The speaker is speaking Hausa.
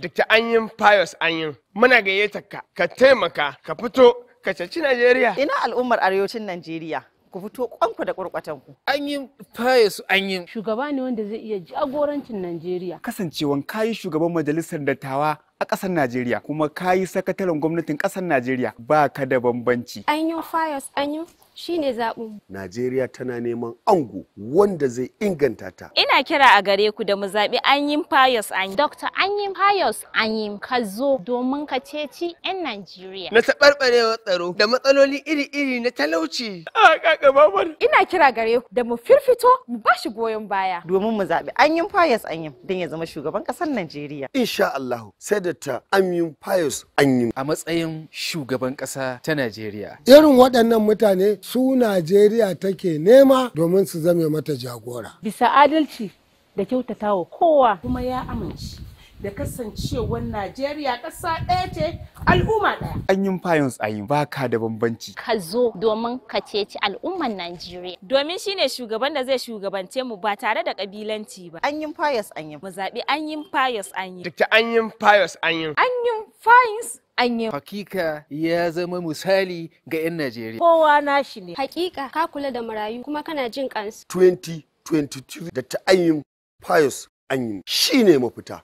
Dr. Anyin Pius Anyin, muna gayyatar ka, ka taimaka, ka fito, ka caci Najeriya. Ina al'ummar arewacin Najeriya. ku fito kwanku da kurkwatanku. ku. yi Pius Anyin. Shugaba ne wanda zai iya jagorancin Najeriya. Kasancewan kayi shugaban majalisar dattawa a ƙasar Najeriya kuma ka yi sakataren gwamnatin ƙasar Najeriya ba ka da bambanci. Anyo Fayos Anyo shi ne zaɓin. Najeriya tana neman ango wanda zai inganta ta. Ina kira a gare ku da mu zaɓi Anyin Fayos anyi. Dr. Anyin Fayos anyi ka zo domin ka ceci 'yan Najeriya. Na taɓarɓarewar tsaro da matsaloli iri-iri na talauci. A kaka Ina kira gare ku da mu firfito mu ba shi goyon baya. Domin mu zaɓi Anyin Fayos anyi don ya zama shugaban ƙasar Najeriya. Insha Allah sai da Dr. Amin an yi A matsayin shugaban ƙasa ta Najeriya. Irin waɗannan mutane su Najeriya take nema domin su zame mata jagora. Bisa adalci da kyautatawa kowa kuma ya amince. da kasancewar Najeriya ƙasa ɗaya ce al'umma ɗaya. An yi fayons a yi baka da bambanci. Ka zo domin ka ceci al'umman Najeriya. Domin shine shugaban da zai shugabance mu ba tare da ƙabilanci ba. An yi fayons an yi. Mu zaɓi an yi fayons an yi. Dukta an yi fayons an yi. An yi fayons anyi. Hakika ya zama misali ga 'yan Najeriya. Kowa nashi ne. Hakika ka kula da marayu kuma kana jin kansu. 2022 da ta Pius yi shi ne mafita.